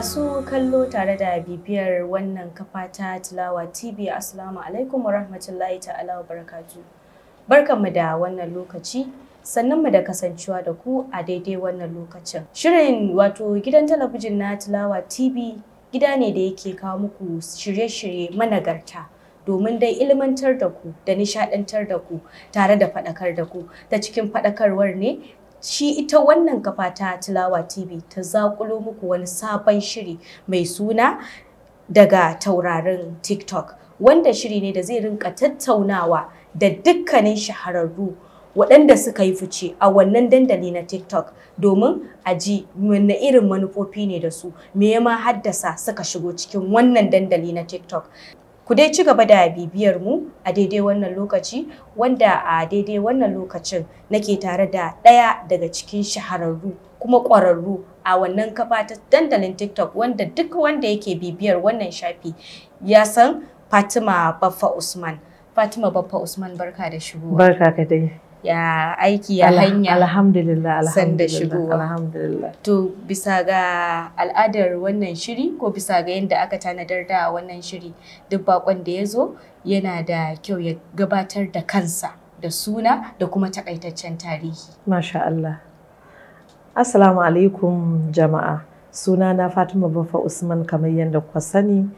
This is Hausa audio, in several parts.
Masu kallo tare da bibiyar wannan kafa ta Tilawa TV Assalamu alaikum warahmatullahi ta'ala wa barakatu. Barkanmu da wannan lokaci, sannanmu da kasancewa da ku a daidai wannan lokacin. Shirin wato gidan talabijin na Tilawa TV gida ne da yake kawo muku shirye-shirye managarta. domin dai ilmantar da ku da nishadantar da ku tare da faɗakar da ku ta cikin faɗakarwar ne shi ita wannan kafa ta Tilawa TV ta zakulo muku wani sabon shiri mai suna daga taurarin TikTok wanda shiri ne da zai rinka tattaunawa da dukkanin shahararru waɗanda suka yi fice a wannan dandali na TikTok domin a ji wanne irin manufofi ne da su me ma haddasa suka shigo cikin wannan dandali na TikTok Ku dai ci gaba da bibiyar mu a daidai wannan lokaci wanda a daidai wannan lokacin nake tare da ɗaya daga cikin shahararru kuma ƙwararru a wannan kafa ta dandalin TikTok wanda duk wanda yake bibiyar wannan shafi ya san Fatima Baffa Usman. Fatima Baffa Usman barka da shigowa. Barka ka dai. ya aiki ya hanya alhamdulillah sanda alhamdulillah to bisa ga al'adar wannan shiri ko bisa ga yanda aka tanadar da wannan shiri duk bakon da ya zo yana da kyau ya gabatar da kansa da suna da kuma takaitaccen tarihi masha Allah assalamu alaikum jama'a suna na Fatima Baffa Usman kamar yadda kuka sani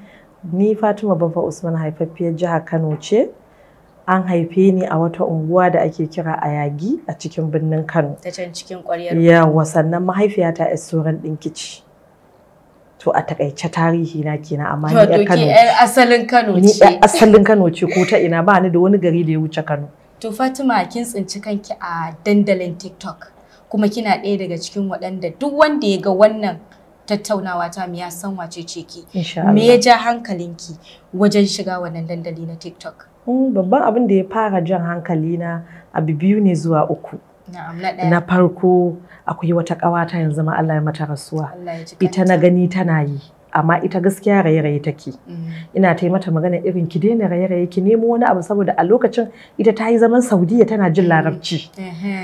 ni Fatima Baffa Usman haifaffiyar jihar Kano ce an haife ni a wata unguwa da ake kira Ayagi a cikin birnin Kano. Ta can cikin ƙwaryar. Yawa sannan mahaifiyata a tsoron To a takaice tarihi na kenan amma ni a Kano. To asalin Kano ce. Ni asalin Kano ce ko ta ina ba ni da wani gari da ya wuce Kano. To Fatima kin tsinci kanki a dandalin TikTok kuma kina ɗaya daga cikin waɗanda duk wanda ya ga wannan tattaunawa ta miya ya san wace ce ki. Me ya ja hankalinki wajen shiga wannan dandali na TikTok? Mm, babban abin da ya fara jan hankali na abu biyu ne zuwa uku na farko akwai wata ƙawata yanzu ma Allah ya mata rasuwa ita na gani tana yi amma ita gaskiya raye-raye take mm. ina ta mata magana irin ki daina raye-raye ki nemo wani abu saboda a lokacin ita ta yi zaman saudiya tana jin mm. larabci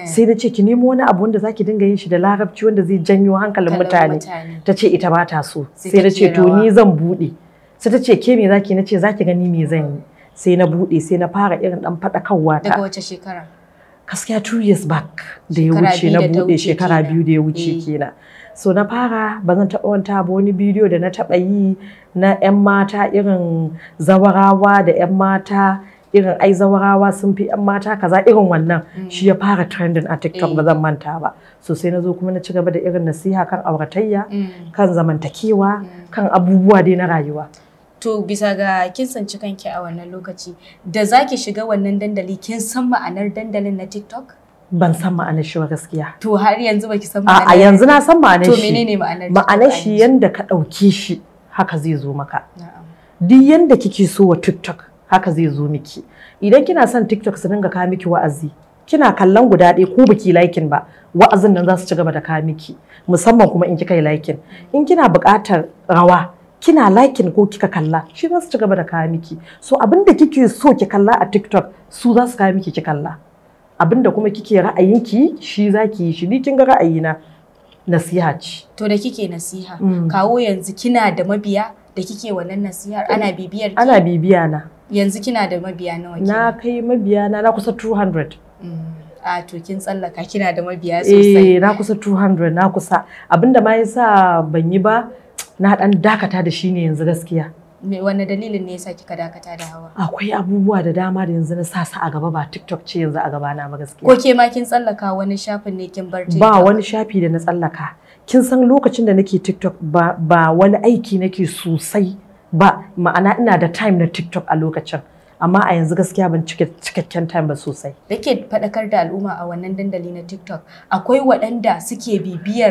sai na ce ki nemo wani abu wanda zaki dinga yin shi da larabci wanda zai janyo hankalin mutane ta ce ita ba ta so sai na ce to ni zan buɗe sai ta ce ke me zaki na ce zaki gani me zan yi sai na buɗe sai na fara irin ɗan kawwa ta. Daga wace shekara? Gaskiya two years back da ya wuce na buɗe shekara biyu da ya wuce eh. kenan. So na fara ba zan taɓa wanta ba wani bidiyo da na taɓa yi na 'yan mata irin zawarawa da 'yan mata irin ai zawarawa sun fi 'yan mata kaza irin wannan mm. shi ya fara trending a TikTok ba zan eh. manta ba. So sai na zo kuma na ci gaba da irin nasiha kan auratayya, mm. kan zamantakewa, mm. kan abubuwa dai na rayuwa. to bisa ga kin tsinci kanki a wannan lokaci da zaki shiga wannan dandali kin san ma'anar dandalin na TikTok? Ban san ma'anar shi ba gaskiya. To har yanzu baki san ma'anar. A yanzu na san ma'anar shi. To menene ma'anar? Ma'anar shi yanda ka ɗauki shi haka zai zo maka. Duk yanda kike so wa TikTok haka zai zo miki. Idan kina son TikTok su dinga kawo miki wa'azi, kina kallon guda ɗaya ko baki laikin ba wa'azin nan za su ci gaba da kawo miki musamman kuma in kika yi laikin. In kina buƙatar rawa kina likin ko kika kalla shi za su ci gaba da kawo miki so abin da kike so ki kalla a tiktok su za su kawo miki ki kalla abin da kuma kike ra'ayinki shi za ki yi shi ni kin ga ra'ayina nasiha ce to da kike nasiha mm. kawo yanzu kina da mabiya da kike wannan nasihar ana bibiyar ana bibiya na yanzu kina da mabiya nawa na kai mabiya na na kusa 200 mm. a to kin tsallaka kina da mabiya eh, sosai eh na kusa 200 na kusa abinda ma yasa ban yi ba na dan dakata da shi ne yanzu gaskiya. Me wanne dalilin ne yasa kika dakata da hawa? Akwai abubuwa da dama da yanzu na sa su a gaba ba TikTok ce yanzu a gaba na ba gaskiya. Ko ke ma kin tsallaka wani shafin ne kin bar TikTok? Ba wani shafi da na tsallaka. Kin san lokacin da nake TikTok ba, ba wani aiki nake sosai ba ma'ana ina da time na TikTok a lokacin. amma a yanzu gaskiya ban cike cikakken time ba sosai da ke faɗakar da al'umma a wannan dandali na tiktok akwai waɗanda suke bibiyar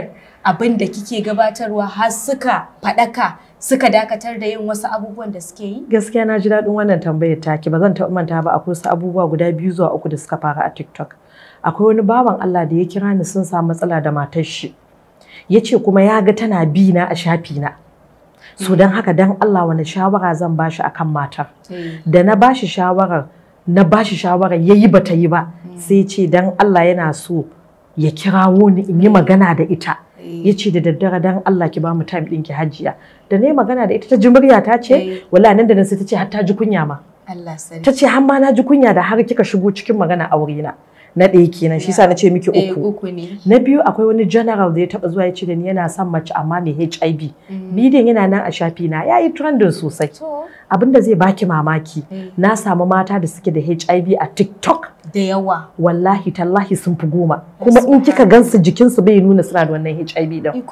abin da kike gabatarwa har suka faɗaka suka dakatar da yin wasu abubuwan da suke yi? Gaskiya na ji daɗin wannan tambayar ta ba zan taɓa manta ba akwai wasu abubuwa guda biyu zuwa uku da suka fara a TikTok. Akwai wani baban Allah da ya kira ni sun samu matsala da matar shi. Ya kuma ya ga tana bi na a shafi na. so don haka dan Allah wani shawara zan bashi akan matar eh. da na bashi shawarar na bashi shawarar ya bata yi ba eh. sai ce dan Allah yana so ya kirawo ni in yi eh. magana da ita yace da daddara dan Allah ki ba mu time ki hajiya da na yi magana da ita ta ji murya ta ce wala nan da nan sai ta ce har ta ji kunya ma ta ce har ma na ji kunya da har kika shigo cikin magana aure na na ɗaya kenan shi sa na ce miki eh, uku na biyu akwai wani general da ya taɓa zuwa ya ce da ni yana son mace amma mai HIV bidiyon mm. yana nan a shafi na yayi trending sosai abin da zai baki mamaki eh. na samu mata da suke da HIV a TikTok da yawa wallahi tallahi sun fi goma kuma in kika gansu jikinsu bai nuna suna da wannan HIV din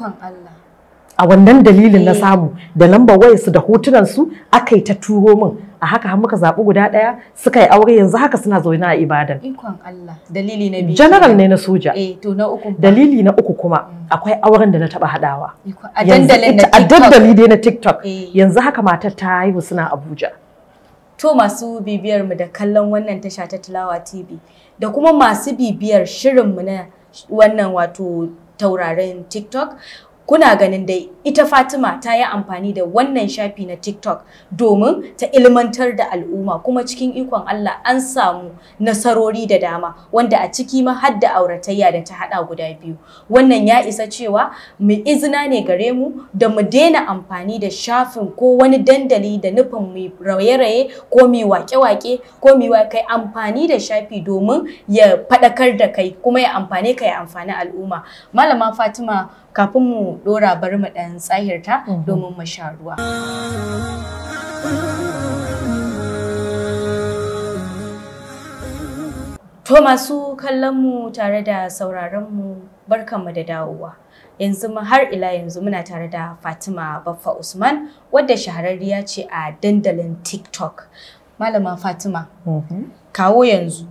a wannan dalilin na eh. samu da lambar wayarsu da hotunan su yi ta turo min a haka har muka zaɓi guda ɗaya suka yi aure yanzu haka suna zaune a ibadan ikon Allah dalili na biyu general ne na soja eh to na uku dalili na uku kuma mm. akwai auren da na taɓa haɗawa a na TikTok na eh. TikTok yanzu haka matar ta haihu suna Abuja To masu bibiyar mu da kallon wannan tasha ta Tilawa TV da kuma masu bibiyar shirin mu na wannan wato taurarin TikTok kuna ganin dai ita Fatima ta yi amfani da wannan shafi na TikTok domin ta ilmantar da al'umma kuma cikin ikon Allah an samu nasarori da dama wanda a ciki ma har da auratayya da ta haɗa guda biyu wannan ya isa cewa mu izina ne gare mu da mu daina amfani da shafin ko wani dandali da nufin mu raye-raye ko mu wake-wake ko mu kai amfani da shafi domin ya faɗakar da kai kuma ya amfane ka ya amfani al'umma malama Fatima kafin mu dora bari mu dan tsahirta mhm. domin mu sha ruwa To masu kallon mu tare da sauraron mu barkanmu da dawowa. Yanzu har ila yanzu muna tare da Fatima Baffa Usman wadda shahararriya ce a dandalin TikTok. Malama Fatima, mhm. kawo yanzu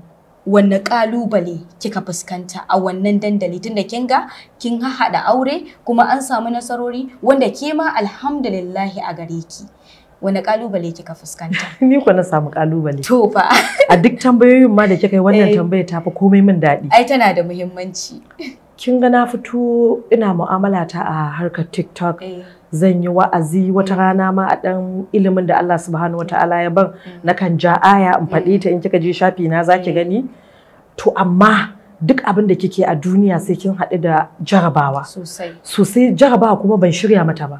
wanne ƙalubale kika fuskanta a wannan dandali tunda kin ga kin haɗa aure kuma an samu nasarori wanda ke ma alhamdulillahi a gare ki wani kalubale kika fuskanta ni ko na samu kalubale to fa a duk tambayoyin ma da kika yi wannan eh. tambaya ta fa komai min daɗi ai tana da muhimmanci kin ga na fito ina mu'amala ta a harkar TikTok eh. zan yi wa'azi wata rana ma a dan ilimin da Allah subhanahu wa ta'ala ya ban mm. kan ja aya in faɗi mm. ta in kika je shafi na zaki mm. gani to amma duk abin da kike a duniya sai kin haɗu da jarabawa sosai jarabawa kuma ban shirya mata ba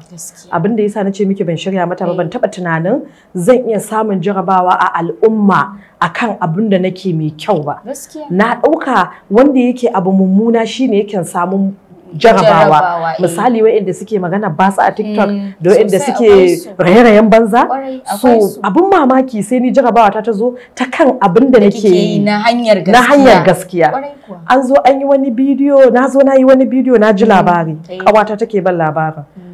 abin da yasa ce miki ban shirya mata ba ban eh. taɓa tunanin zan iya samun jarabawa a al'umma akan abin da nake mai kyau ba na ɗauka wanda yake abu mummuna shine yake samun jarabawa eh. misali wa'inda suke magana ba su a tiktok eh, da wa'inda suke raye-rayen banza so abin mamaki sai ni jarabawa ta zo ta kan abin da nake na hanyar gaskiya an zo an yi wani bidiyo na zo na yi wani bidiyo na ji mm, labari ƙawata take ban labarin mm.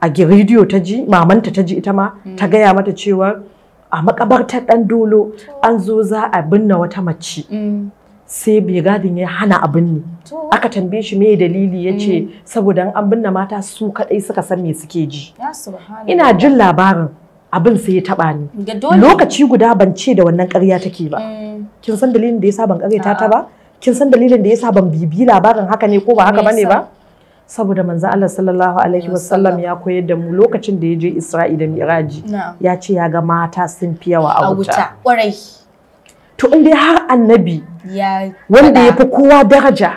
a rediyo ta ji mamanta ta ji ita ma mm. ta gaya mata cewa a makabartar dan dolo an zo za a binne wata mace sai bai gadin ya hana abin ne aka tambaye shi me dalili ya ce mm. saboda an binne mata su kadai suka san me suke ji ina jin labarin abin sai ya taba ni lokaci guda ban ce da wannan ƙarya take ba mm. kin san dalilin da yasa ban ƙaryata ta ah. ba kin san dalilin da yasa ban bibi labarin haka ne ko ba haka bane ba saboda manzo Allah sallallahu alaihi wasallam ya koyar da mu lokacin da ya je Isra'i da Miraji ya ce ya ga mata sun fiyawa a wuta to in dai har annabi wanda ya fi kowa daraja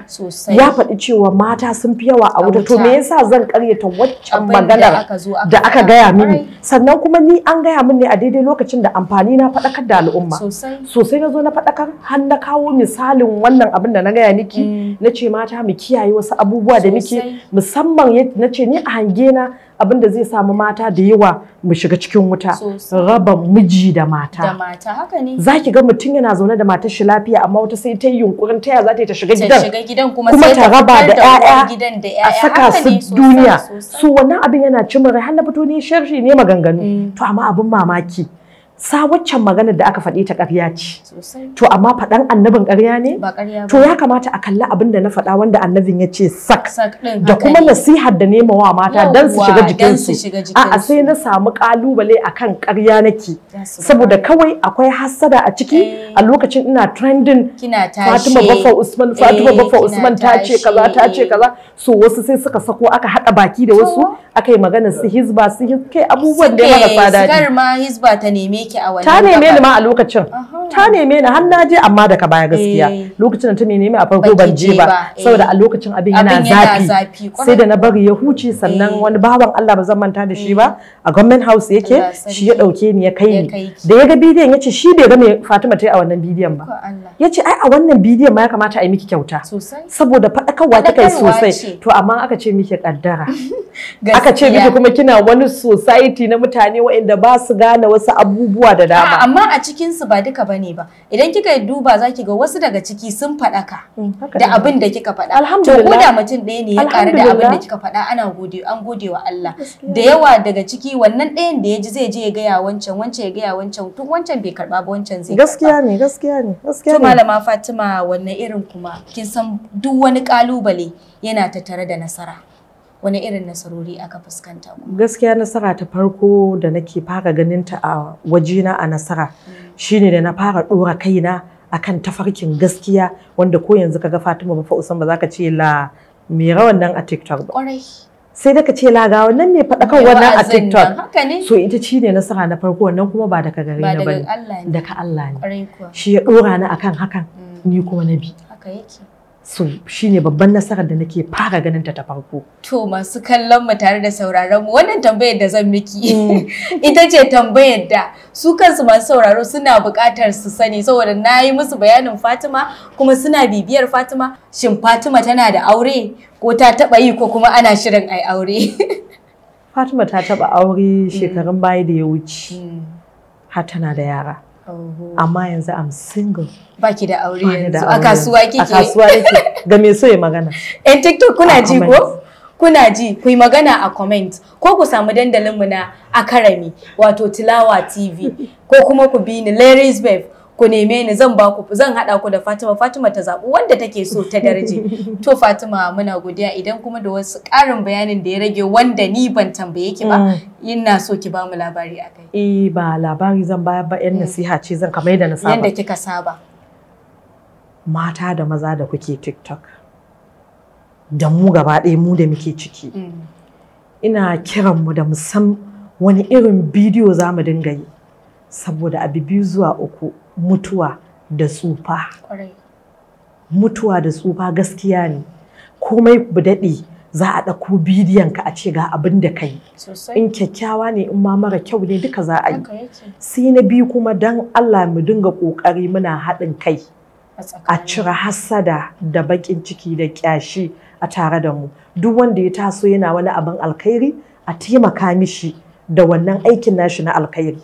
ya faɗi cewa mata sun fi yawa a wuta to me yasa zan karyata waccan maganar da aka gaya mini sannan kuma ni an gaya min ne a daidai lokacin da amfani na faɗakar da al'umma sosai na zo na faɗakar har na kawo misalin wannan abin da na gaya niki mm. na ce mata mu kiyaye wasu abubuwa da muke musamman na ce ni a hange na abin da zai samu mata da yawa mu shiga cikin wuta raba miji da mata da mata zaki ga mutum yana zaune da matar shi lafiya amma wata sai ta yi yunkurin taya za ta ta shiga gidan kuma ta raba da ƴaƴa a saka su duniya so wannan abin yana cimma rai har na fito ne sharshi ne maganganu mm. to amma abin mamaki sa waccan magana da aka faɗi ta ƙarya ce to amma faɗan annabin ƙarya ne to ya kamata a kalli abin da na faɗa wanda annabin ya ce sak da kuma nasihar da nema wa mata don su shiga jikinsu a'a sai na samu ƙalubale a kan ƙarya nake saboda kawai akwai hassada a ciki eh. a lokacin ina trendin Fatima Baffa Usman eh, Fatima Baffa Usman ta ce kaza ta ce kaza so wasu sai suka sako aka haɗa baki da wasu aka yi magana su hizba su kai abubuwan da ya marasa daɗi. Sikar neme a wannan ta neme ni ma a lokacin ta neme ni har na je amma daga baya gaskiya eh. lokacin da ta neme ni a farko ban je ba saboda a eh. lokacin abin yana zafi sai da na bari ya huce sannan eh. wani bawan Allah ba zan manta da shi ba a government house yake shi ya dauke ni ya kai ni da ya ga bidiyon ya ce shi bai ga me Fatima ta yi a wannan bidiyon ba yace ce ai a wannan bidiyon ma ya kamata a yi miki kyauta saboda faɗakarwa ta kai sosai to amma aka ce miki kaddara aka ce miki kuma kina wani society na mutane waɗanda ba su gane wasu abubuwa da dama amma a cikin su ba duka bane ne ba idan kika duba za ki ga wasu daga ciki sun ka hmm, da abin da kika faɗa to ko da mutum ɗaya ne ya ƙara da abin da kika faɗa ana gode an gode wa Allah da yawa daga ciki wannan ɗayan da ya ji zai je ya gaya wancan wancan ya gaya wancan tun wancan bai karɓa ba wancan zai gaskiya ne gaskiya ne gaskiya ne malama Fatima wannan irin kuma kin san duk wani kalubale yana tattare da nasara wani irin nasarori aka fuskanta gaskiya nasara ta farko da nake fara ganin ta a wajena a nasara mm. shine da na fara ɗora kaina akan tafarkin gaskiya wanda ko yanzu kaga Fatima ba fa Usman ba zaka ce la me rawan nan a TikTok ba. Sai sai daga ce laga wannan me faɗa kan wannan a TikTok. So ita ci ne nasara na farko wannan kuma ba daga gare ni ba daga Allah ne. Shi ya ɗora ni akan hakan mm. ni kuma na bi. Haka yake. su shine babban nasarar da nake fara ganin ta ta farko. To masu kallon mu tare da sauraron mu wannan tambayar da zan miki mm. ita ce tambayar da su kansu masu sauraro suna buƙatar su sani saboda na yi musu bayanin Fatima kuma suna bibiyar Fatima shin Fatima tana da aure ko ta taɓa yi ko kuma ana shirin ai aure. Fatima ta taɓa aure mm. shekarun baya da ya wuce mm. har tana da yara. amma yanzu am single baki da aure yanzu a kasuwa kike a kasuwa kike ga me so ya magana en tiktok kuna ji ko kuna ji ku yi magana a comment ko ku samu dandalinmu na akarami wato tilawa tv ko kuma ku bi ni ladies babe ku neme ni zan ba ku zan hada ku da Fatima Fatima ta zabu wanda take so ta daraje to Fatima muna godiya idan kuma da wasu karin bayanin da ya rage wanda ni ban tambaye ki ba mm. ina so ki ba mu labari akai eh ba labari zan ba ba yan mm. nasiha ce zan kamar yadda na saba yanda kika saba mata da maza da kuke TikTok da mu gaba ɗaya mu da muke ciki mm. ina kiran mu da musam wani irin bidiyo za mu dinga yi saboda abu biyu zuwa uku mutuwa da tsufa mutuwa da tsufa gaskiya ne komai daɗe za a ɗauko bidiyon ka a ce ga abin da kai in kyakkyawa ne in ma mara kyau ne duka za a yi sai na biyu kuma don allah mu dinga ƙoƙari muna haɗin kai a cire hassada da baƙin ciki da ƙyashi a tare da mu duk wanda ya taso yana wani abin alkhairi a taimaka mishi da wannan aikin nashi na alkhairi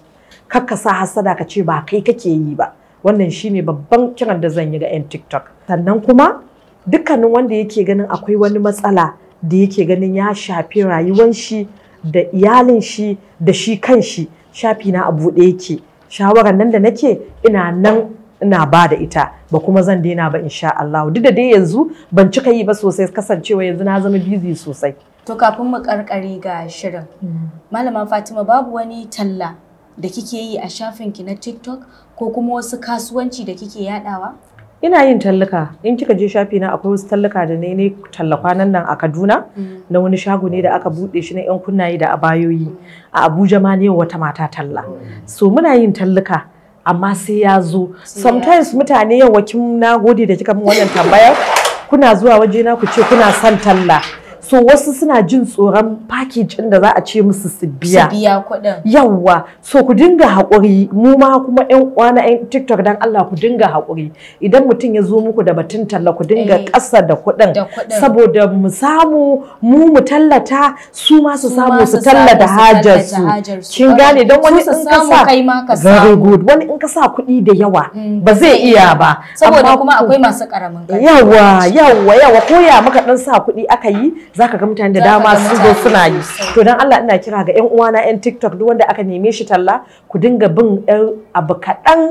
kakka sa Hassada ka ce ba kai kake yi ba wannan shine babban kiran da zan yi ga 'yan tiktok sannan kuma dukkanin wanda yake ganin akwai wani matsala da yake ganin ya shafi rayuwan shi da iyalin shi da shi kan shi shafi na a buɗe yake Shawara nan da nake ina nan ina ba da ita ba kuma zan daina ba insha Allah duk da dai yanzu ban cika yi ba sosai kasancewa yanzu na zama busy sosai to kafin mu karkare ga shirin mm. malama Fatima babu wani talla da kike yi a shafinki na TikTok ko kuma wasu kasuwanci da kike yadawa? Ina yin tallaka. In kika je shafi na akwai wasu tallaka da ne ne talla nan a Kaduna mm. na wani shago ne da aka bude shi na 'yan kunnaye da abayoyi. A Abuja ma ne wata mata talla. So muna yin tallaka amma sai ya zo. Sometimes mutane yau wakin na gode da kika min wannan tambayar kuna zuwa wajena ku ce kuna son talla. so wasu suna jin tsoron package da za a ce musu su biya su kuɗin yawwa so ku dinga haƙuri mu ma kuma ƴan uwana ƴan tiktok dan Allah ku dinga haƙuri idan mutum ya zo muku da batun talla ku dinga eh, ƙasa da kuɗin saboda mu samu mu mu tallata su ma su samu su tallata hajar su kin gane dan wani in ka sa very good wani in ka sa kuɗi da yawa mm, ba zai iya ba saboda kuma akwai masu ƙaramin yawa yawa yawa ko ya muka dan sa kuɗi aka yi zaka ga mutane da dama su zo suna yi to dan Allah ina kira ga yan uwana yan TikTok duk wanda aka neme shi talla ku dinga bin yan abu kaɗan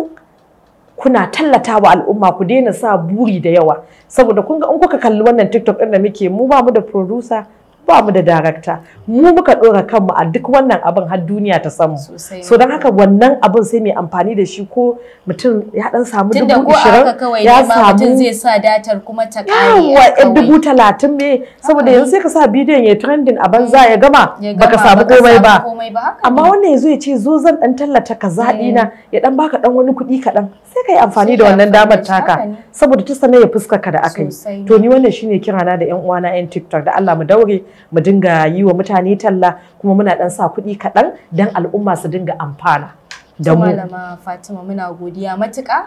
kuna tallata wa al'umma ku daina sa buri da yawa saboda kun ga in kuka kalli wannan TikTok ɗin da muke mu ba mu da producer ba mu da darakta mu muka ɗora kanmu a duk wannan abin har duniya ta samu so don haka wannan abin sai mai amfani da shi ko mutum ya dan samu dubu ishirin ya samu mutum zai sa datar kuma ta kare dubu talatin me saboda yanzu sai ka sa bidiyon ya trending a banza hmm. ya gama baka samu komai ba amma wannan yazo ya ce zo zan dan tallata kaza dina hmm. ya dan baka dan wani kuɗi kaɗan sai ka yi amfani da wannan damar taka saboda ta sanaye fuskarka da aka yi to ni wannan shine kirana da yan uwana yan tiktok da Allah mu daure mu dinga yi wa mutane talla kuma muna dan sa kuɗi kaɗan dan al'umma su dinga amfana da mu malama Fatima muna godiya matuƙa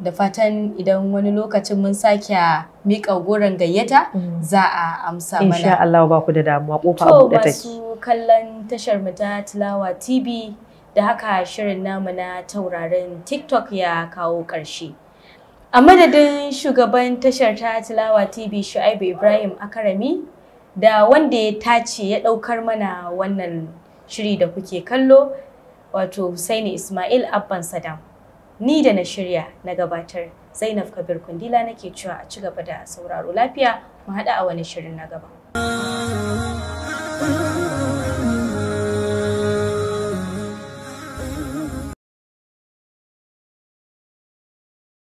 da fatan idan wani lokacin mun sake mika goron gayyata mm. za a amsa mana insha Allah ba ku da damuwa kofa abu da take to masu kallon tashar mu ta Tilawa TV da haka shirin namu na taurarin TikTok ya kawo ƙarshe A madadin shugaban tashar ta Tilawa TV Shu'aibu Ibrahim Akarami da wanda ya tace ya ɗaukar mana wannan shiri da kuke kallo wato Husaini Ismail Abban Sadam. Ni da na shirya na gabatar Zainab Kabir Kundila nake cewa a ci gaba da sauraro lafiya mu haɗa a wani shirin na gaba.